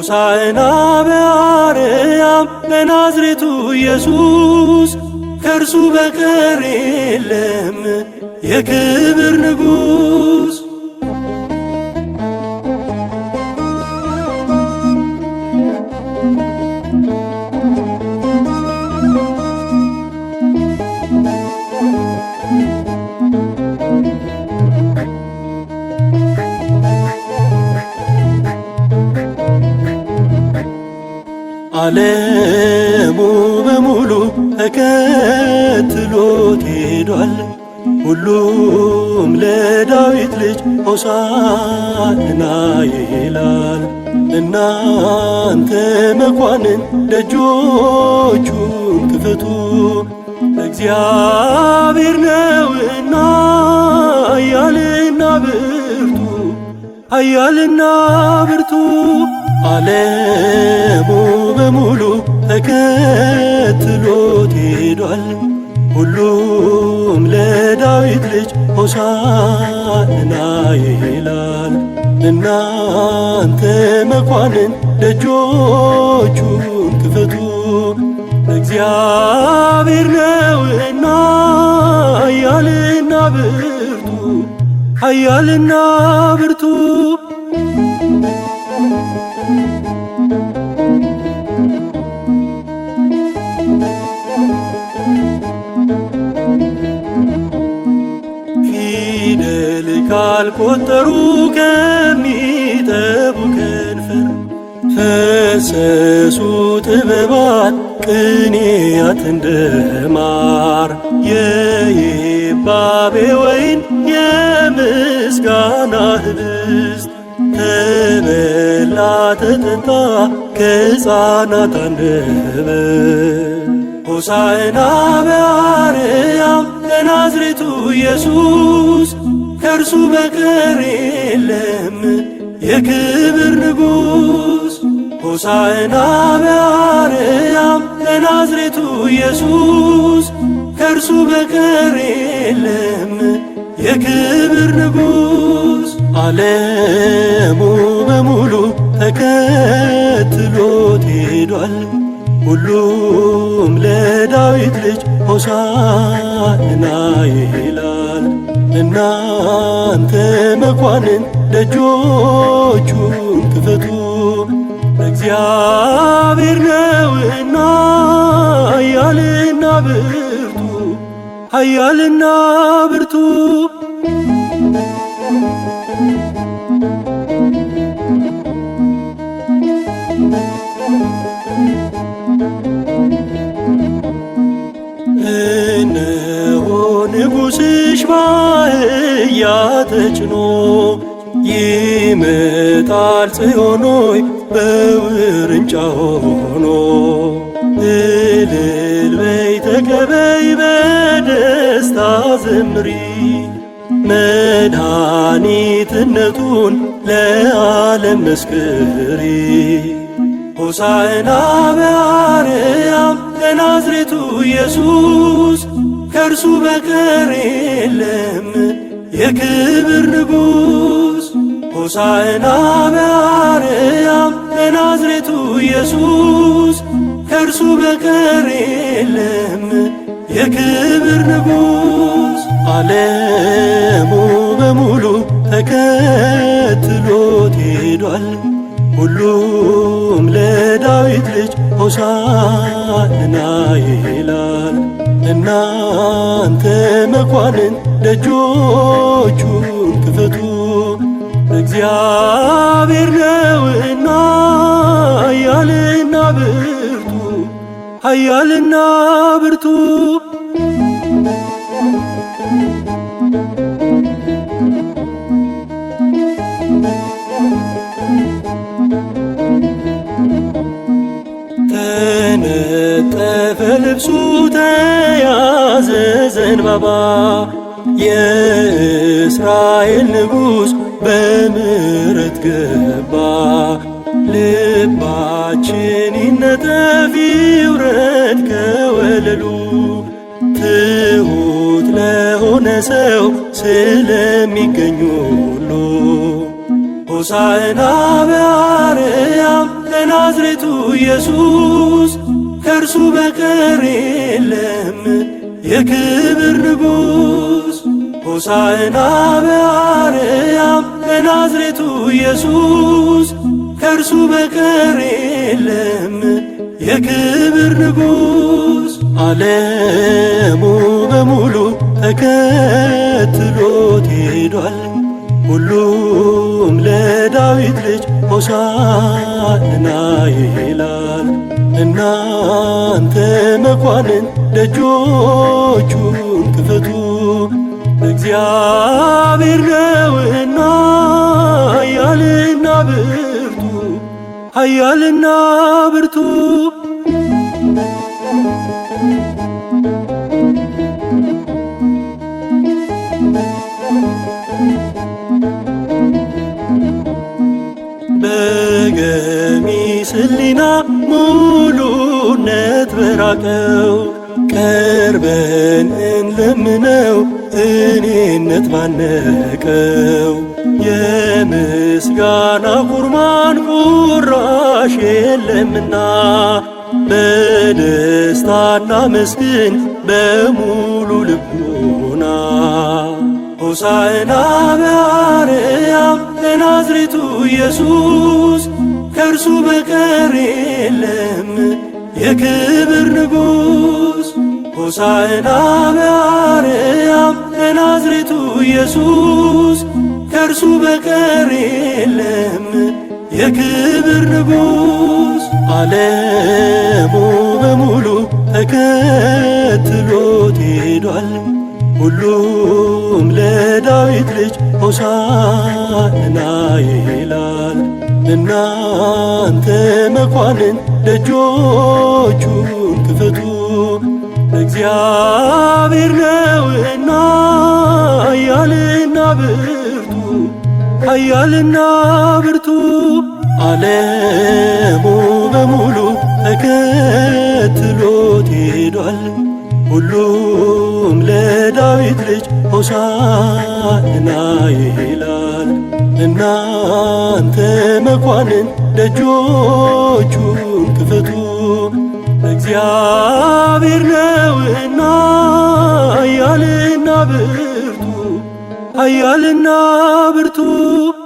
ሆሳዕና በአርያም ለናዝሬቱ ኢየሱስ ከእርሱ በቀር የለም የክብር ንጉሥ ዓለሙ በሙሉ ተከትሎት ሄዷል። ሁሉም ለዳዊት ልጅ ሆሳዕና ይላል። እናንተ መኳንን ደጆቹን ክፈቱ እግዚአብሔር ነውና ኃያልና ብርቱ ኃያልና ብርቱ ዓለም ተከትሎት ሄዷል። ሁሉም ለዳዊት ልጅ ሆሳዕና ይላል። እናንተ መኳንን ደጆቹን ክፈቱ እግዚአብሔር ነውና ኃያልና ብርቱ ኃያልና ብርቱ ካልቆጠሩ ከሚጠቡ ከንፈር ፈሰሱ ጥበባት ቅኔያት ማር የይባቤ ወይን የምስጋና ህብስት ተበላ ተጠጣ ከሕፃናት አንደበት ሆሳዕና በአርያም ለናዝሬቱ ኢየሱስ ከእርሱ በቀር የለም የክብር ንጉሥ ሆሳዕና በአርያም ለናዝሬቱ ኢየሱስ ከእርሱ በቀር የለም የክብር ንጉሥ ዓለሙ በሙሉ ተከትሎት ሄዷል። ሁሉም ለዳዊት ልጅ ሆሳዕና ይላል። እናንተ መኳንን ደጆቹን ክፈቱ፣ እግዚአብሔር ነውና ኃያልና ብርቱ፣ ኃያልና ብርቱ ጽዮን በውርንጫ ሆኖ እልል በይ ተቀበይ በደስታ ዘምሪ መድኃኒትነቱን ለዓለም መስክሪ ሆሳዕና በአርያም ለናዝሬቱ ኢየሱስ ከእርሱ በቀር የለም የክብር ንጉሥ ሆሳዕና በአርያም ለናዝሬቱ ኢየሱስ ከእርሱ በቀር የለም የክብር ንጉሥ። ዓለሙ በሙሉ ተከትሎት ሄዷል። ሁሉም ለዳዊት ልጅ ሆሳዕና ይላል። እናንተ መኳንን ደጆቹን ክፈቱ እግዚአብሔር ነውና ኃያልና ብርቱ ኃያልና ብርቱ ተነጠፈ ልብሱ ተያዘ ዘንባባ የእስራኤል ንጉሥ በምረት ገባ። ልባችን ይነጠፍ ይውረድ ከወለሉ ትሁት ለሆነ ሰው ስለሚገኙ ሁሉ ሆሳዕና በአርያም ለናዝሬቱ ኢየሱስ ከእርሱ በቀር የለም የክብር ንጉሥ ሆሳዕና በአርያም ለናዝሬቱ ኢየሱስ ከእርሱ በቀር የለም የክብር ንጉሥ። ዓለሙ በሙሉ ተከትሎት ሄዷል። ሁሉም ለዳዊት ልጅ ሆሳዕና ይላል። እናንተ መኳንን ደጆቹን ክፈቱ እግዚአብሔር ነውና ኃያልና ብርቱ ኃያልና ብርቱ በገሚስ ሕሊና ሙሉነት በራቀው ቀርበን እንለምነው እኔነት ባነቀው የምስጋና ቁርባን ቁራሽ የለምና በደስታና መስግን በሙሉ ልቡና ሆሳዕና በአርያም ለናዝሬቱ ኢየሱስ ከእርሱ በቀር የለም የክብር ንጉሥ ሆሳዕና በአርያም ለናዝሬቱ ኢየሱስ ከእርሱ በቀር የለም የክብር ንጉሥ። ዓለሙ በሙሉ ተከትሎት ሄዷል። ሁሉም ለዳዊት ልጅ ሆሳዕና ይላል። እናንተ መኳንን ደጆቹን ክፈቱ እግዚአብሔር ነውና ኃያልና ብርቱ ኃያልና ብርቱ ዓለሙ በሙሉ ተከትሎት ሄዷል። ሁሉም ለዳዊት ልጅ ሆሳዕና ይላል። እናንተ መኳንን ደጆቹን ክፈቱ እግዚአብሔር ነውና ኃያልና ብርቱ ኃያልና ብርቱ